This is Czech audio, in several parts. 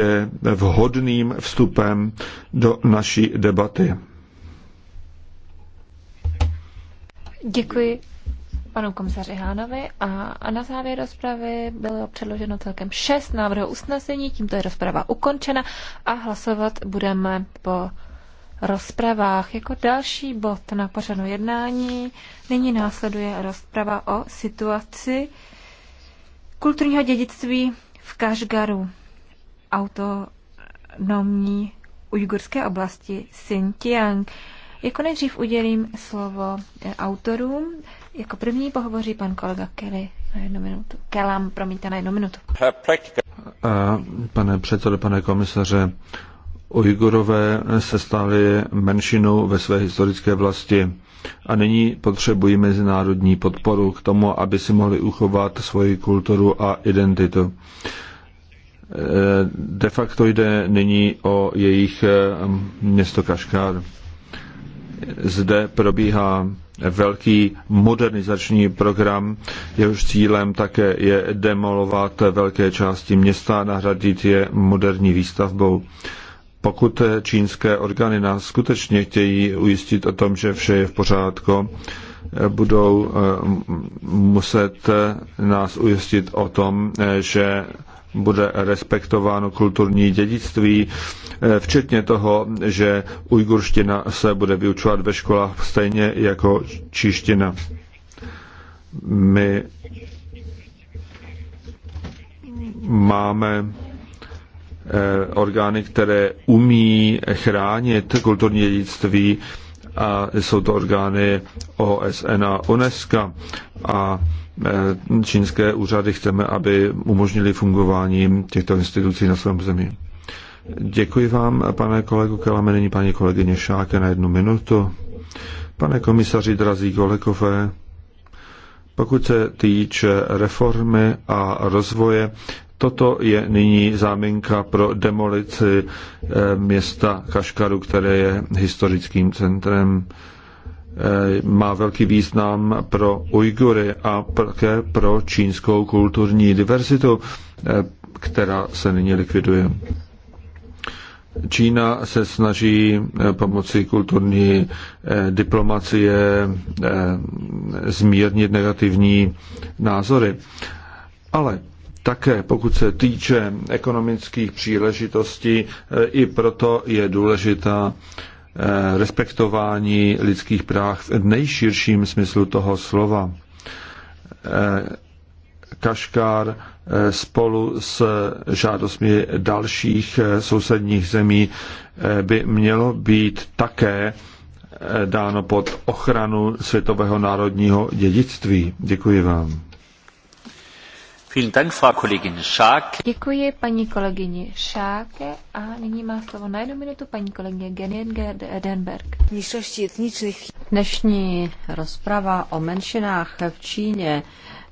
je vhodným vstupem do naší debaty. Děkuji panu komisaři Hánovi a na závěr rozpravy bylo předloženo celkem šest návrhů usnesení, tímto je rozprava ukončena a hlasovat budeme po rozpravách. Jako další bod na pořadu jednání nyní následuje rozprava o situaci kulturního dědictví v Kašgaru autonomní ujgurské oblasti Xinjiang. Jako nejdřív udělím slovo eh, autorům. Jako první pohovoří pan kolega Kelly na jednu minutu. Kelam, promiňte, na jednu minutu. Pane předsedo, pane komisaře, Ujgurové se stali menšinou ve své historické vlasti a nyní potřebují mezinárodní podporu k tomu, aby si mohli uchovat svoji kulturu a identitu. De facto jde nyní o jejich eh, město Kaškár. Zde probíhá velký modernizační program, jehož cílem také je demolovat velké části města a nahradit je moderní výstavbou. Pokud čínské orgány nás skutečně chtějí ujistit o tom, že vše je v pořádku, budou eh, muset eh, nás ujistit o tom, že bude respektováno kulturní dědictví, eh, včetně toho, že ujgurština se bude vyučovat ve školách stejně jako číština. My máme eh, orgány, které umí chránit kulturní dědictví a jsou to orgány OSN a UNESCO a e, čínské úřady chceme, aby umožnili fungování těchto institucí na svém zemi. Děkuji vám, pane kolego Kelame, nyní paní kolegyně Šáke na jednu minutu. Pane komisaři, drazí Kolekové, pokud se týče reformy a rozvoje, Toto je nyní záminka pro demolici eh, města Kaškaru, které je historickým centrem. Eh, má velký význam pro Ujgury a také pro čínskou kulturní diverzitu, eh, která se nyní likviduje. Čína se snaží pomocí kulturní diplomacie zmírnit negativní názory. Ale také pokud se týče ekonomických příležitostí, e, i proto je důležitá e, respektování lidských práv v nejširším smyslu toho slova. E, Kaškár spolu s žádostmi dalších sousedních zemí by mělo být také dáno pod ochranu světového národního dědictví. Děkuji vám. Děkuji paní kolegyni Šáke a nyní má slovo na jednu minutu paní kolegyně de Edenberg. Dnešní rozprava o menšinách v Číně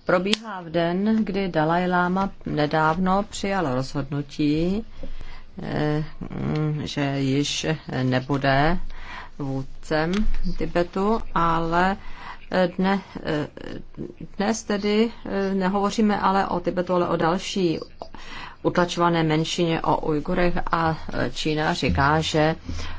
probíhá v den, kdy Dalaj Lama nedávno přijal rozhodnutí, eh, že již nebude vůdcem Tibetu, ale Dne, dnes tedy eh, nehovoříme ale o Tibetu, ale o další utlačované menšině, o Ujgurech a eh, Čína říká, že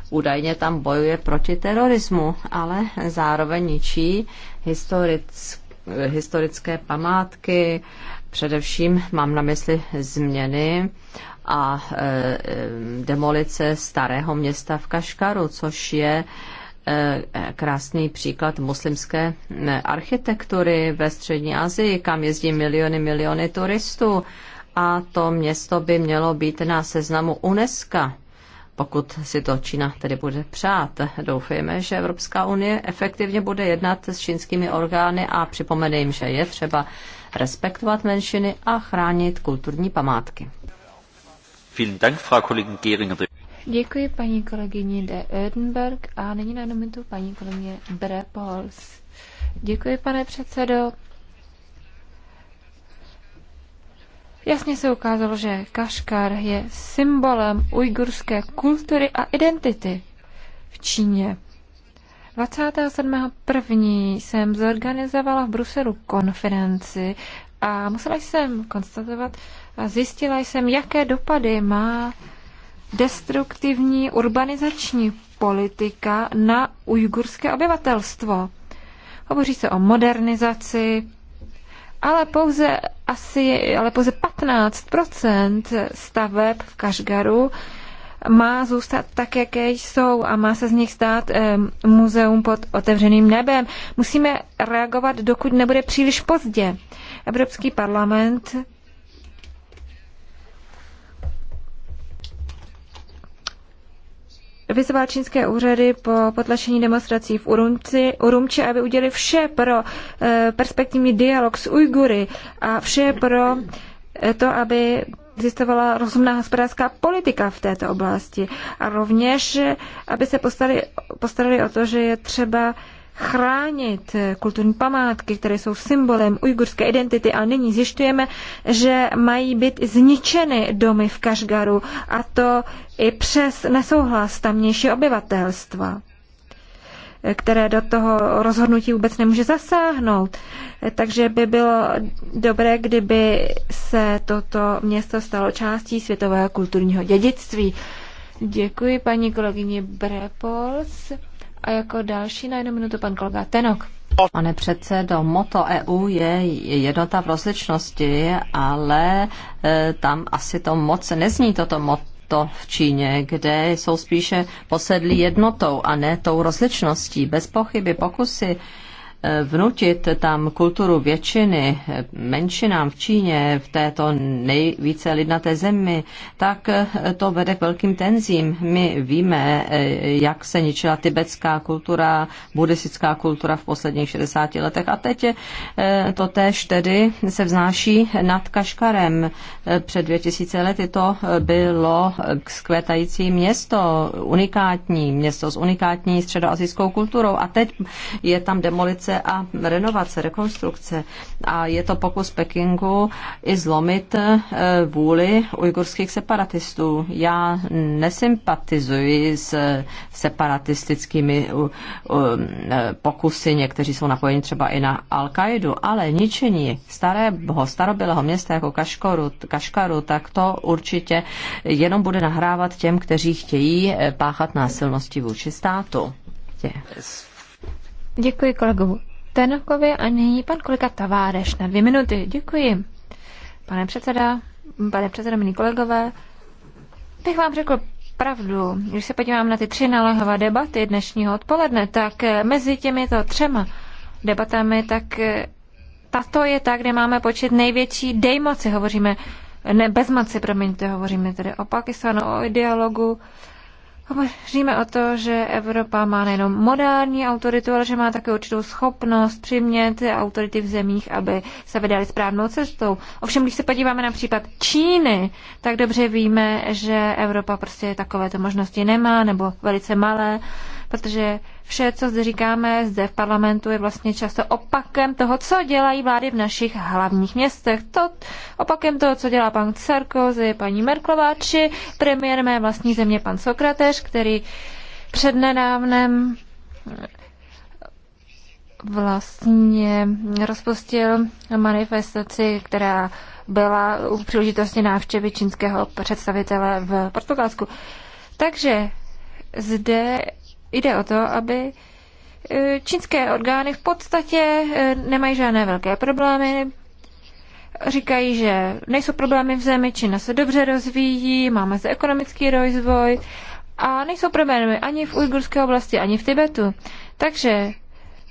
údajně tam bojuje proti terorismu, ale zároveň ničí historické historické památky, především mám na mysli změny a e, demolice starého města v Kaškaru, což je e, Eh, krásný příklad muslimské eh, architektury ve střední Asii, kam jezdí miliony, miliony turistů. A to město by mělo být na seznamu UNESCO, pokud si to Čína tedy bude přát. Doufejme, že Evropská unie efektivně bude jednat s čínskými orgány a připomene jim, že je třeba respektovat menšiny a chránit kulturní památky. Vielen Dank, Frau Kollegin Gehringer. Děkuji paní kolegyni de Erdenberg a nyní na minutu paní kolegyně Brepols. Děkuji, pane předsedo. Jasně se ukázalo, že Kaškar je symbolem ujgurské kultury a identity v Číně. 27.1. jsem zorganizovala v Bruselu konferenci a musela jsem konstatovat a zjistila jsem, jaké dopady má destruktivní urbanizační politika na ujgurské obyvatelstvo. Hovoří se o modernizaci, ale pouze asi, ale pouze 15 staveb v Kašgaru má zůstat tak, jaké jsou a má se z nich stát eh, muzeum pod otevřeným nebem. Musíme reagovat, dokud nebude příliš pozdě. Evropský parlament vyzval čínské úřady po potlačení demonstrací v Urumci, Urumči, aby udělali vše pro eh, perspektivní dialog s Ujgury a vše pro eh, to, aby existovala rozumná hospodářská politika v této oblasti. A rovněž, eh, aby se postarali o to, že je třeba chránit kulturní památky, které jsou symbolem ujgurské identity a nyní zjišťujeme, že mají být zničeny domy v Kašgaru a to i přes nesouhlas tamnější obyvatelstva které do toho rozhodnutí vůbec nemůže zasáhnout. Takže by bylo dobré, kdyby se toto město stalo částí světového kulturního dědictví. Děkuji paní kolegyni Brepols. A jako další na jednu minutu pan kolega Tenok. Pane předsedo, moto EU je jednota v rozličnosti, ale e, tam asi to moc nezní toto moto v Číně, kde jsou spíše posedlí jednotou a ne tou rozličností. Bez pochyby pokusy vnutit tam kulturu většiny menšinám v Číně, v této nejvíce lidnaté zemi, tak to vede k velkým tenzím. My víme, jak se ničila tibetská kultura, buddhistická kultura v posledních 60 letech a teď eh, to též tedy se vznáší nad Kaškarem. Před 2000 lety to bylo skvětající město, unikátní město s unikátní středoazijskou kulturou a teď je tam demolice modernizace a renovace, rekonstrukce. A je to pokus Pekingu i zlomit e, vůli ujgurských separatistů. Já nesympatizuji s separatistickými e, pokusy, někteří jsou napojeni třeba i na Al-Kaidu, ale ničení starého, starobylého města jako Kaškoru, Kaškaru, tak to určitě jenom bude nahrávat těm, kteří chtějí e, páchat násilnosti vůči státu. Děkuji kolegu Tenokovi a nyní pan kolega Taváreš na dvě minuty. Děkuji. Pane předseda, pane předseda, milí kolegové, bych vám řekl pravdu. Když se podívám na ty tři naléhové debaty dnešního odpoledne, tak eh, mezi těmito třema debatami, tak eh, tato je ta, kde máme počet největší dejmoci. Hovoříme, ne bezmoci, promiňte, hovoříme tedy o Pakistanu, o dialogu, Hovoříme o to, že Evropa má nejenom moderní autoritu, ale že má také určitou schopnost přimět autority v zemích, aby se vydali správnou cestou. Ovšem, když se podíváme na případ Číny, tak dobře víme, že Evropa prostě takovéto možnosti nemá nebo velice malé protože vše, co zde říkáme zde v parlamentu, je vlastně často opakem toho, co dělají vlády v našich hlavních městech. To opakem toho, co dělá pan Sarkozy, paní Merklová, či premiér mé vlastní země, pan Sokrates, který přednedávnem eh, vlastně rozpustil manifestaci, která byla u příležitosti návštěvy čínského představitele v Portugalsku. Takže zde Jde o to, aby e, čínské orgány v podstatě e, nemají žádné velké problémy. Říkají, že nejsou problémy v zemi, Čína se dobře rozvíjí, máme zde ekonomický rozvoj a nejsou problémy ani v ujgurské oblasti, ani v Tibetu. Takže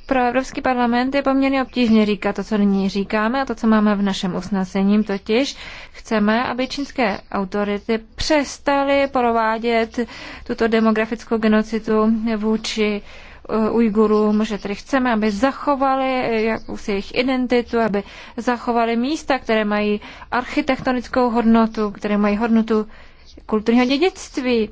pro Evropský parlament je poměrně obtížně říkat to, co nyní říkáme a to, co máme v našem usnesení. Totiž chceme, aby čínské autority přestaly provádět tuto demografickou genocidu vůči eh, Ujgurům, že tedy chceme, aby zachovali jakousi jejich identitu, aby zachovali místa, které mají architektonickou hodnotu, které mají hodnotu kulturního dědictví.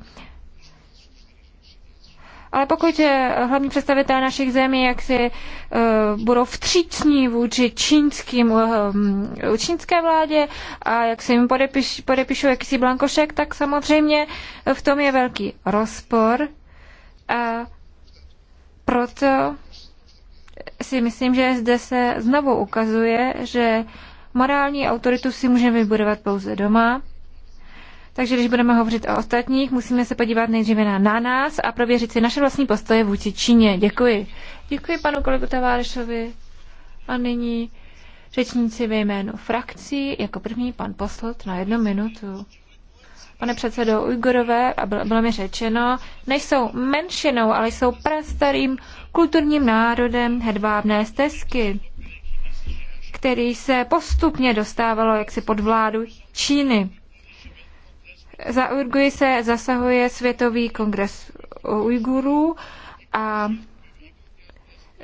Ale pokud eh, hlavní představitelé našich zemí, jak si uh, eh, budou vtřícní vůči čínským, uh, čínské vládě a jak se jim podepiš, podepíšou jakýsi blankošek, tak samozřejmě v tom je velký rozpor. A proto si myslím, že zde se znovu ukazuje, že morální autoritu si můžeme vybudovat pouze doma takže když budeme hovořit o ostatních, musíme se podívat nejdříve na, na nás a prověřit si naše vlastní postoje vůči Číně. Děkuji. Děkuji panu kolegu Tavárešovi. A nyní řečníci ve jménu frakcí, jako první pan poslot na jednu minutu. Pane předsedo Ujgorové, a bylo, bylo mi řečeno, nejsou menšinou, ale jsou prastarým kulturním národem hedvábné stezky, který se postupně dostávalo jaksi pod vládu Číny. Za Ujgury se zasahuje Světový kongres Ujgurů a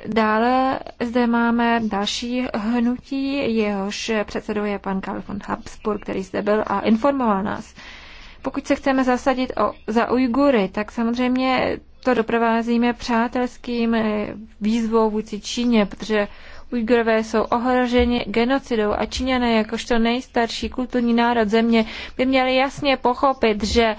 dále zde máme další hnutí, jehož předsedou je pan Karl von Habsburg, který zde byl a informoval nás. Pokud se chceme zasadit o, za Ujgury, tak samozřejmě to doprovázíme přátelským výzvou vůči Číně, protože Ujgrové jsou ohroženi genocidou a Číňané, jakožto nejstarší kulturní národ země, by měli jasně pochopit, že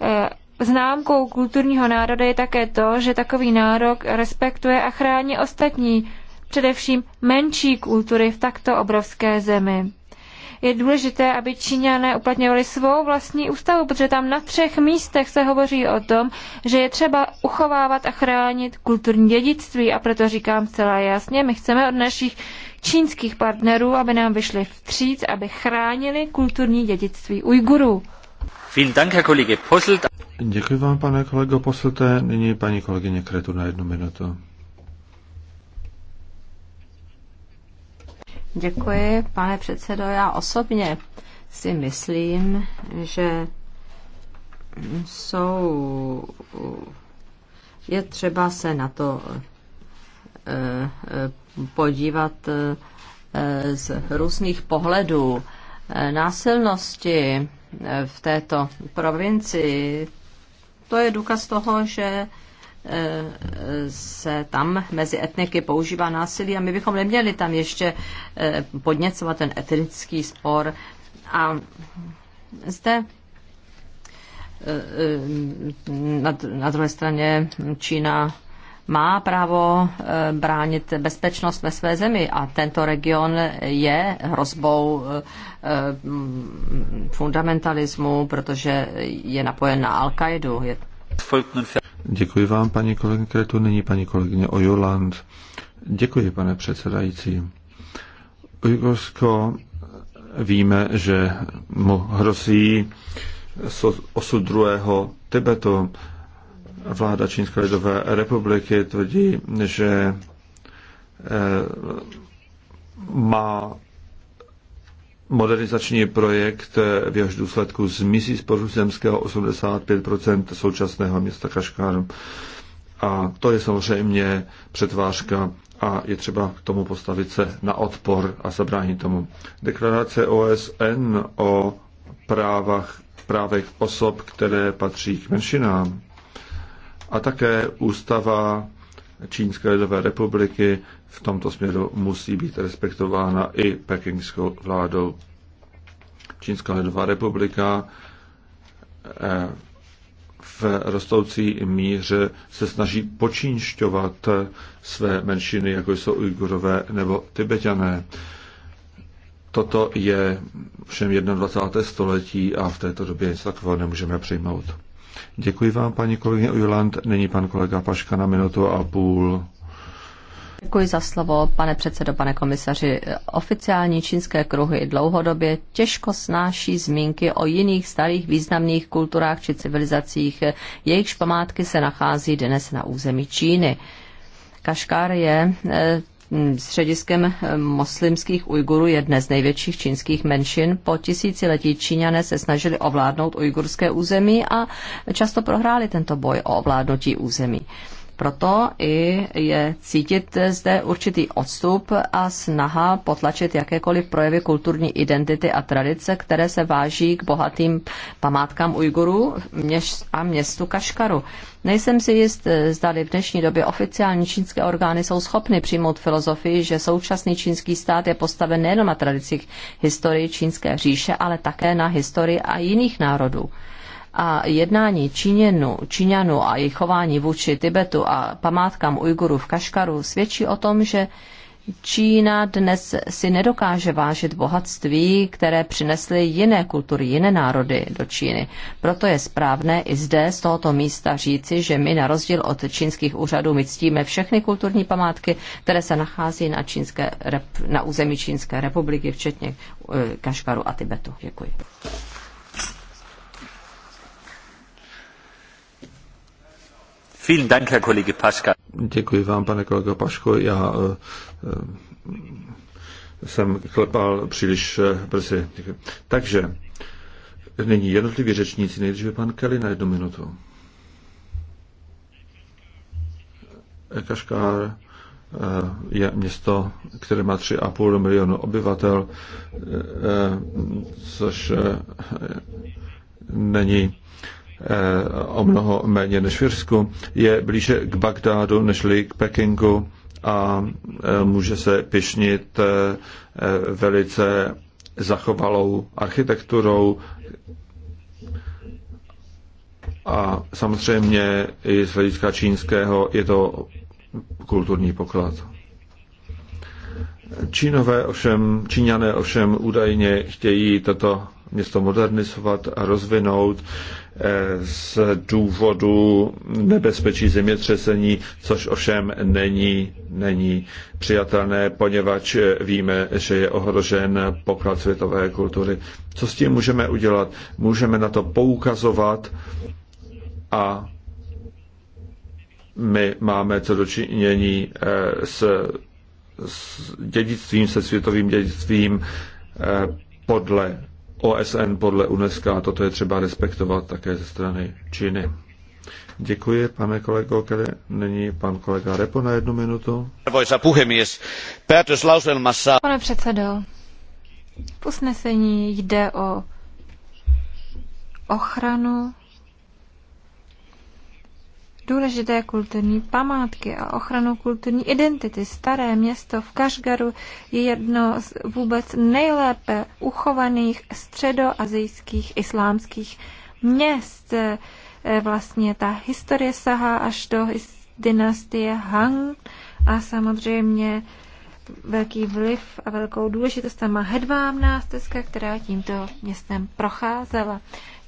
eh, známkou kulturního národa je také to, že takový nárok respektuje a chrání ostatní, především menší kultury v takto obrovské zemi je důležité, aby Číňané uplatňovali svou vlastní ústavu, protože tam na třech místech se hovoří o tom, že je třeba uchovávat a chránit kulturní dědictví a proto říkám zcela jasně, my chceme od našich čínských partnerů, aby nám vyšli vstříc, aby chránili kulturní dědictví Ujgurů. Děkuji vám, pane kolego Poslete. Nyní paní kolegyně Kretu na jednu minutu. Děkuji, pane předsedo. Já osobně si myslím, že jsou, je třeba se na to eh, eh, podívat eh, z různých pohledů. Násilnosti v této provincii, to je důkaz toho, že se tam mezi etniky používá násilí a my bychom neměli tam ještě eh, podněcovat ten etnický spor. A zde eh, eh, na, druhé straně Čína má právo bránit bezpečnost ve své zemi a tento region je hrozbou fundamentalismu, protože je napojen na Al-Qaidu. Děkuji vám, paní kolegyně Kretu. Nyní paní kolegyně Ojoland. Děkuji, pane předsedající. Ujgursko víme, že mu hrozí osud druhého Tibetu. Vláda Čínské lidové republiky tvrdí, že eh, má modernizační projekt, v jehož důsledku zmizí z poruzemského 85 současného města Kaškár. A to je samozřejmě přetvářka a je třeba k tomu postavit se na odpor a zabránit tomu. Deklarace OSN o právách, právech osob, které patří k menšinám a také ústava Čínské lidové republiky v tomto směru musí být respektována i pekingskou vládou. Čínská lidová republika eh, v rostoucí míře se snaží počínšťovat své menšiny, jako jsou Ujgurové nebo Tibetané. Toto je všem 21. století a v této době nic takového nemůžeme přijmout. Děkuji vám, paní kolegyně Ujland. není pan kolega Paška na minutu a půl. Děkuji za slovo, pane předsedo, pane komisaři. Oficiální čínské kruhy dlouhodobě těžko snáší zmínky o jiných starých významných kulturách či civilizacích, jejichž památky se nachází dnes na území Číny. Kaškár je eh, Mm, střediskem eh, muslimských Ujgurů je dnes největších čínských menšin. Po tisíciletí Číňané se snažili ovládnout ujgurské území a často prohráli tento boj o ovládnutí území proto i je cítit zde určitý odstup a snaha potlačit jakékoliv projevy kulturní identity a tradice, které se váží k bohatým památkám Ujgurů a městu Kaškaru. Nejsem si jist, zdali v dnešní době oficiální čínské orgány jsou schopny přijmout filozofii, že současný čínský stát je postaven nejen na tradicích historii čínské říše, ale také na historii a jiných národů a jednání Číněnu, Číňanů a jejich chování vůči Tibetu a památkám Ujgurů v Kaškaru svědčí o tom, že Čína dnes si nedokáže vážit bohatství, které přinesly jiné kultury, jiné národy do Číny. Proto je správné i zde z tohoto místa říci, že my na rozdíl od čínských úřadů my ctíme všechny kulturní památky, které se nachází na, čínské, na území Čínské republiky, včetně eh, Kaškaru a Tibetu. Děkuji. Děkuji vám, pane kolego Paško. Já eh, eh, jsem klepal příliš eh, brzy. Děkuji. Takže nyní jednotliví řečníci. Nejdříve pan Kelly na jednu minutu. Kaškár je město, které má 3,5 milionu obyvatel, což není Eh, o mnoho méně než v Irsku, je blíže k Bagdádu nežli k Pekingu a eh, může se pišnit eh, velice zachovalou architekturou a samozřejmě i z hlediska čínského je to kulturní poklad. Čínové ovšem, Číňané ovšem údajně chtějí toto město modernizovat a rozvinout z důvodu nebezpečí zemětřesení, což ovšem není, není přijatelné, poněvadž víme, že je ohrožen poklad světové kultury. Co s tím můžeme udělat? Můžeme na to poukazovat a my máme co dočinění eh, s, s dědictvím, se světovým dědictvím eh, podle OSN podle UNESCO a toto je třeba respektovat také ze strany Číny. Děkuji, pane kolego který není pan kolega Repo na jednu minutu. Pane předsedo, v usnesení jde o ochranu důležité kulturní památky a ochranu kulturní identity. Staré město v Kašgaru je jedno z vůbec nejlépe uchovaných středoazijských islámských měst. E, vlastně ta historie sahá až do dynastie Han a samozřejmě velký vliv a velkou důležitost tam má hedvábná stezka, která tímto městem procházela.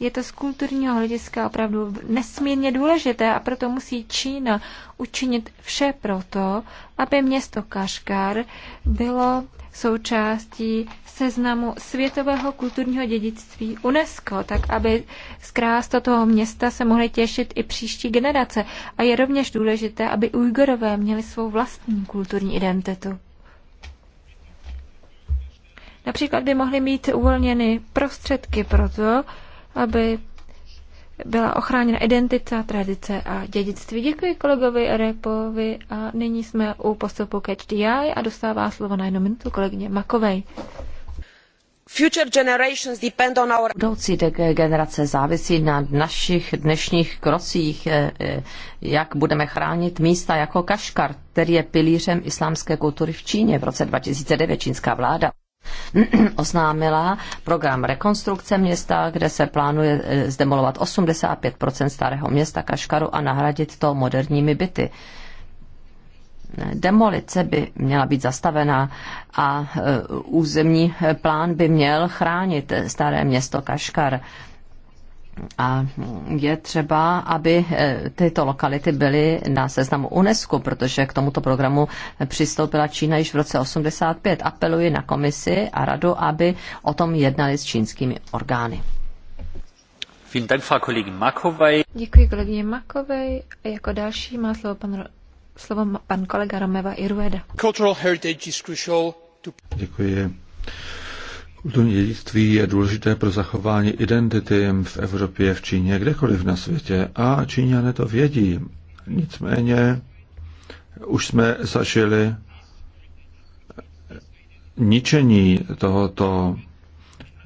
Je to z kulturního hlediska opravdu nesmírně důležité a proto musí Čína učinit vše proto, aby město Kaškar bylo součástí seznamu světového kulturního dědictví UNESCO, tak aby z krás toho města se mohly těšit i příští generace. A je rovněž důležité, aby Ujgorové měli svou vlastní kulturní identitu. Například by mohly mít uvolněny prostředky pro to, aby byla ochráněna identita, tradice a dědictví. Děkuji kolegovi Repovi a nyní jsme u postupu Catch the a dostává slovo na jednu minutu kolegyně Makovej. Future generations depend on our... Budoucí generace závisí na našich dnešních krocích, eh, eh, jak budeme chránit místa jako Kaškar, který je pilířem islámské kultury v Číně v roce 2009 čínská vláda oznámila program rekonstrukce města, kde se plánuje eh, zdemolovat 85 starého města Kaškaru a nahradit to moderními byty. Demolice by měla být zastavena a eh, územní eh, plán by měl chránit staré město Kaškar a je třeba, aby eh, tyto lokality byly na seznamu UNESCO, protože k tomuto programu přistoupila Čína již v roce 85. Apeluji na komisi a radu, aby o tom jednali s čínskými orgány. Děkuji kolegyně Makovej. A Jako další má slovo pan, slovo pan kolega Romeva Irueda. Děkuji. Kulturní dědictví je důležité pro zachování identity v Evropě, v Číně, kdekoliv na světě a Číňané to vědí. Nicméně už jsme zažili ničení tohoto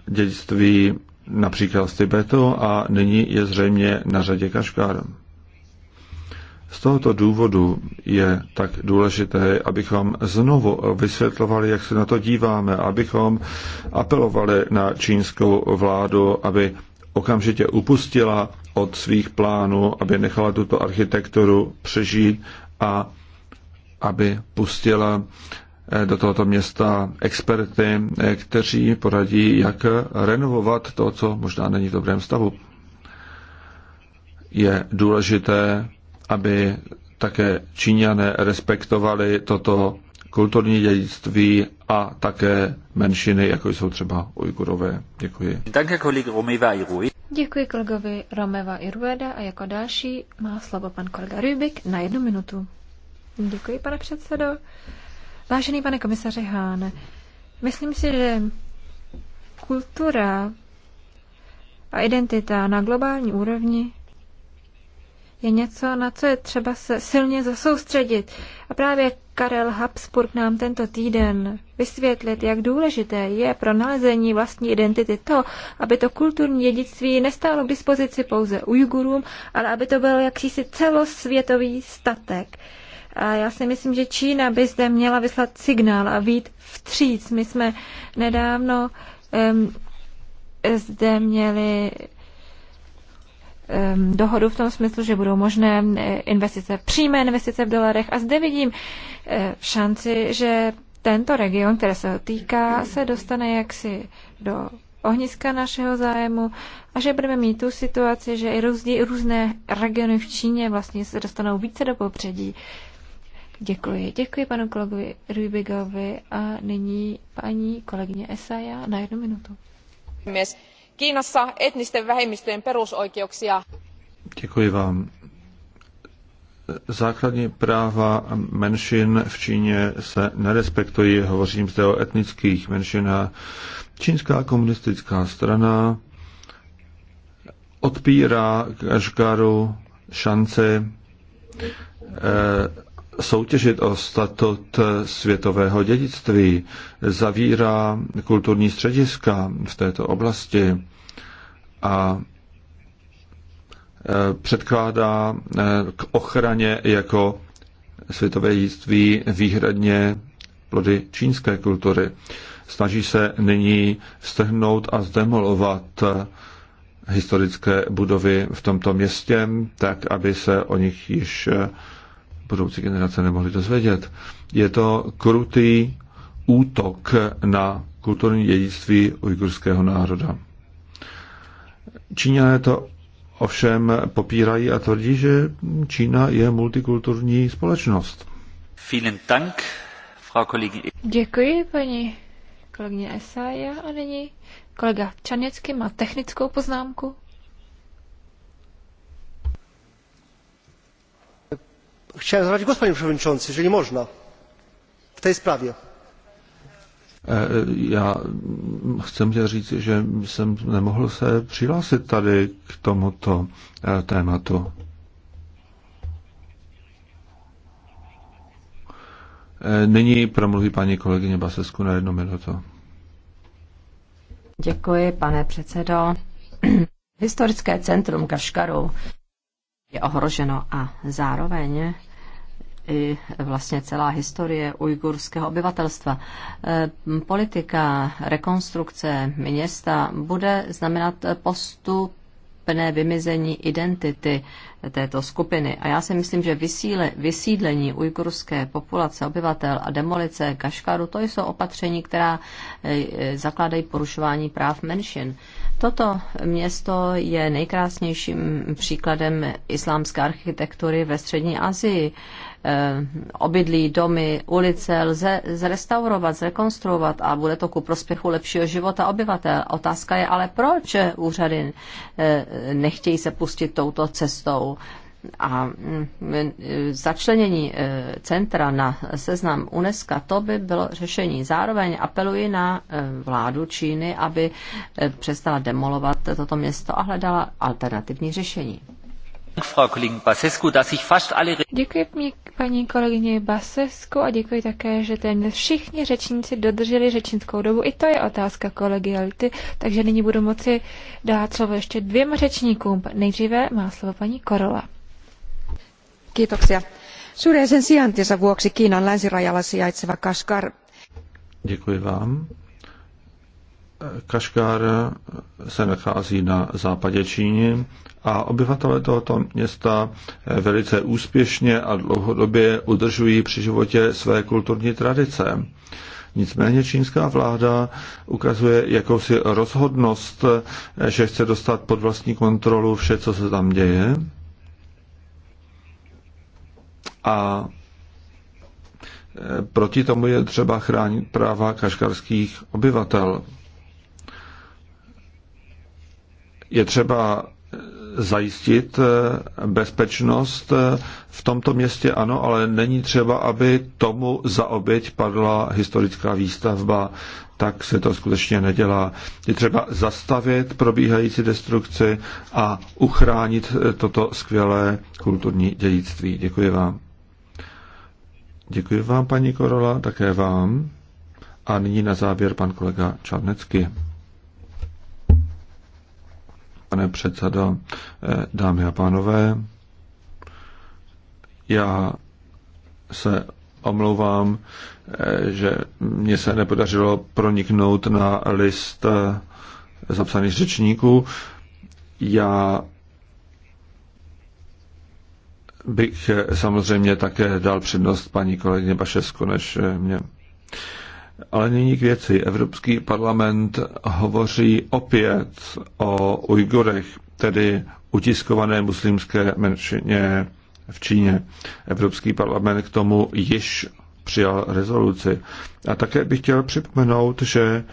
dědictví například z Tibetu a nyní je zřejmě na řadě Kaškár. Z tohoto důvodu je tak důležité, abychom znovu vysvětlovali, jak se na to díváme, abychom apelovali na čínskou vládu, aby okamžitě upustila od svých plánů, aby nechala tuto architekturu přežít a aby pustila eh, do tohoto města experty, eh, kteří poradí, jak renovovat to, co možná není v dobrém stavu. Je důležité aby také Číňané respektovali toto kulturní dědictví a také menšiny, jako jsou třeba Ujgurové. Děkuji. Děkuji kolegovi Romeva Rueda a jako další má slovo pan kolega Rybik na jednu minutu. Děkuji, pane předsedo. Vážený pane komisaře Hán, myslím si, že kultura a identita na globální úrovni je něco, na co je třeba se silně zasoustředit. A právě Karel Habsburg nám tento týden vysvětlit, jak důležité je pro nalezení vlastní identity to, aby to kulturní dědictví nestálo k dispozici pouze Ujgurům, ale aby to byl jakýsi celosvětový statek. A já si myslím, že Čína by zde měla vyslat signál a vít vstříc. My jsme nedávno um, zde měli dohodu v tom smyslu, že budou možné investice, přímé investice v dolarech. A zde vidím eh, šanci, že tento region, které se týká, se dostane jaksi do ohniska našeho zájmu a že budeme mít tu situaci, že i různé, různé regiony v Číně vlastně se dostanou více do popředí. Děkuji. Děkuji panu kolegovi Rubigovi a nyní paní kolegyně Esaja na jednu minutu. Kiinassa etnisten vähemmistöjen perusoikeuksia. Děkuji vám. Základní práva menšin v Číně se nerespektují, hovořím zde o etnických menšinách. Čínská komunistická strana odpírá Kašgaru šance eh, soutěžit o statut světového dědictví, zavírá kulturní střediska v této oblasti a e, předkládá e, k ochraně jako světové dědictví výhradně plody čínské kultury. Snaží se nyní strhnout a zdemolovat e, historické budovy v tomto městě, tak aby se o nich již budoucí generace nemohly dozvědět. Je to krutý útok na kulturní dědictví ujgurského národa. Číňané to ovšem popírají a tvrdí, že Čína je multikulturní společnost. Vielen Dank, Frau Kollegin. Děkuji, paní kolegyně Esaja. A nyní kolega Čaněcky má technickou poznámku. chciałem zabrać głos panie przewodniczący jeżeli można w tej sprawie. E, e, Já chci měl říct, že jsem nemohl se přihlásit tady k tomuto e, tématu. Nyní promluví paní kolegyně Basesku na jednu minutu. Děkuji, pane předsedo. Historické centrum Kaškaru je ohroženo a zároveň i vlastně celá historie ujgurského obyvatelstva. Eh, politika rekonstrukce města bude znamenat postup vymizení identity této skupiny. A já si myslím, že vysíle, vysídlení ujgurské populace obyvatel a demolice Kaškaru, to jsou opatření, která eh, zakládají porušování práv menšin. Toto město je nejkrásnějším příkladem islámské architektury ve střední Asii. Eh, obydlí, domy, ulice lze zrestaurovat, zrekonstruovat a bude to ku prospěchu lepšího života obyvatel. Otázka je ale, proč úřady eh, nechtějí se pustit touto cestou? a mm, eh, začlenění centra na seznam UNESCO, to by bylo řešení. Zároveň apeluji na vládu Číny, aby přestala demolovat toto město a hledala alternativní řešení. Děkuji paní kolegyně Basesku a děkuji také, že téměř všichni řečníci dodrželi řečnickou dobu. I to je otázka kolegiality, takže nyní budu moci dát slovo ještě dvěma řečníkům. Nejdříve má slovo paní Korola. Děkuji vám. Kaškár se nachází na západě Číny a obyvatelé tohoto města velice úspěšně a dlouhodobě udržují při životě své kulturní tradice. Nicméně čínská vláda ukazuje jakousi rozhodnost, že chce dostat pod vlastní kontrolu vše, co se tam děje. A proti tomu je třeba chránit práva kaškarských obyvatel. Je třeba eh, zajistit eh, bezpečnost eh, v tomto městě, ano, ale není třeba, aby tomu za oběť padla historická výstavba. Tak se to skutečně nedělá. Je třeba zastavit probíhající destrukci a uchránit toto skvělé kulturní dědictví. Děkuji vám. Děkuji vám, paní Korola, také vám. A nyní na závěr pan kolega Čarnecky pane předsedo, eh, dámy a pánové. Já se omlouvám, eh, že mně se nepodařilo proniknout na list eh, zapsaných řečníků. Já bych samozřejmě také dal přednost paní kolegyně Bašesku než mě. Ale nyní k věci. Evropský parlament hovoří opět o Ujgurech, tedy utiskované muslimské menšině v Číně. Evropský parlament k tomu již přijal rezoluci. A také bych chtěl připomenout, že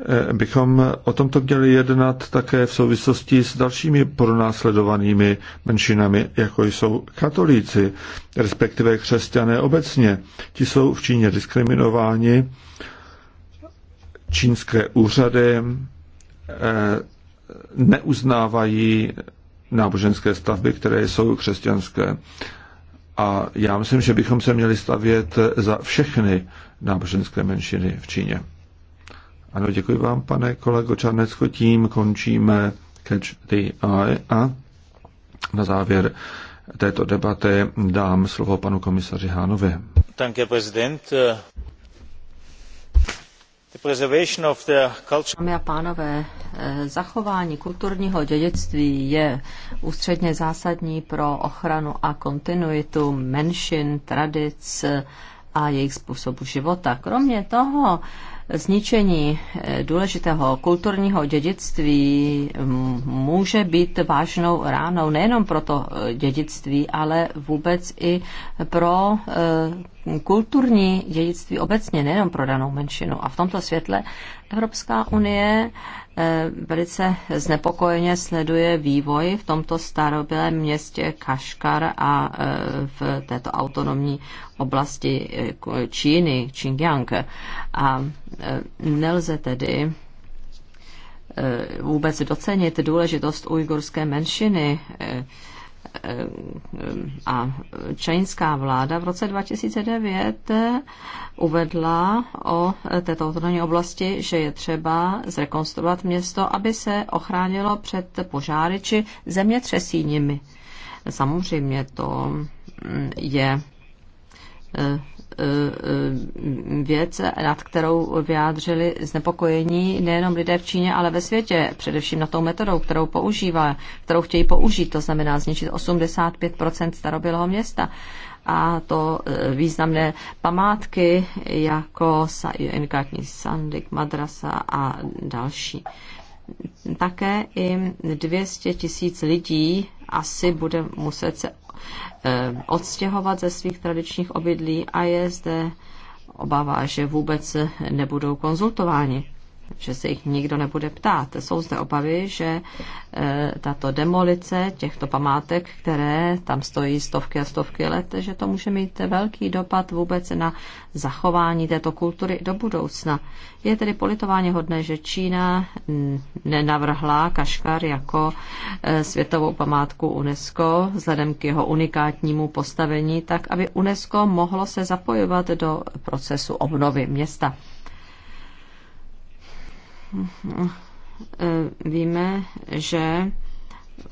Eh, bychom o tomto měli jednat také v souvislosti s dalšími pronásledovanými menšinami, jako jsou katolíci, respektive křesťané obecně. Ti jsou v Číně diskriminováni, čínské úřady eh, neuznávají náboženské stavby, které jsou křesťanské. A já myslím, že bychom se měli stavět za všechny náboženské menšiny v Číně. Ano, děkuji vám, pane kolego Čarnecko. Tím končíme Catch the Eye a na závěr této debaty dám slovo panu komisaři Hánovi. Danke, prezident. Dámy a pánové, eh, zachování kulturního dědictví je ústředně zásadní pro ochranu a kontinuitu menšin, tradic a jejich způsobu života. Kromě toho, zničení eh, důležitého kulturního dědictví mm, může být vážnou ránou nejenom pro to eh, dědictví, ale vůbec i pro eh, kulturní dědictví obecně, nejenom pro danou menšinu. A v tomto světle Evropská unie eh, velice znepokojeně sleduje vývoj v tomto starobylém městě Kaškar a eh, v této autonomní oblasti eh, Číny, Xinjiang. A nelze tedy vůbec docenit důležitost ujgurské menšiny a čínská vláda v roce 2009 uvedla o této autonomní oblasti, že je třeba zrekonstruovat město, aby se ochránilo před požáry či zemětřesíními. Samozřejmě to je Eh, věc, nad kterou vyjádřili znepokojení nejenom lidé v Číně, ale ve světě, především na tou metodou, kterou používá, kterou chtějí použít, to znamená zničit 85 starobylého města a to eh, významné památky jako inkátní sandik, madrasa a další. Také i 200 tisíc lidí asi bude muset se eh, odstěhovat ze svých tradičních obydlí a je zde obava, že vůbec nebudou konzultováni že se jich nikdo nebude ptát. Jsou zde obavy, že e, tato demolice těchto památek, které tam stojí stovky a stovky let, že to může mít velký dopad vůbec na zachování této kultury do budoucna. Je tedy politování hodné, že Čína nenavrhla Kaškar jako e, světovou památku UNESCO vzhledem k jeho unikátnímu postavení, tak aby UNESCO mohlo se zapojovat do procesu obnovy města. Eh, víme, že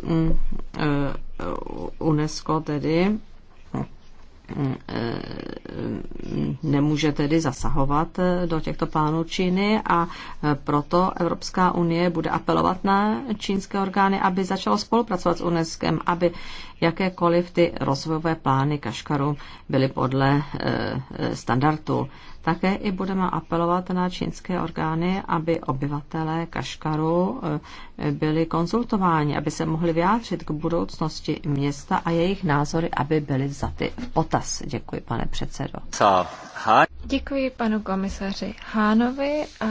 mm, eh, UNESCO tedy eh, nemůže tedy zasahovat do těchto plánů Číny a proto Evropská unie bude apelovat na čínské orgány, aby začalo spolupracovat s UNESCO, aby jakékoliv ty rozvojové plány Kaškaru byly podle standardu také i budeme apelovat na čínské orgány, aby obyvatelé Kaškaru eh, byli konzultováni, aby se mohli vyjádřit k budoucnosti města a jejich názory, aby byly vzaty v potaz. Děkuji, pane předsedo. Děkuji panu komisaři Hánovi a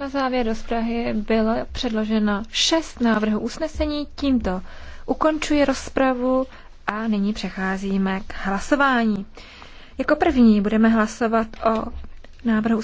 na závěr rozpravy bylo předloženo šest návrhů usnesení. Tímto ukončuji rozpravu a nyní přecházíme k hlasování. Jako první budeme hlasovat o návrhu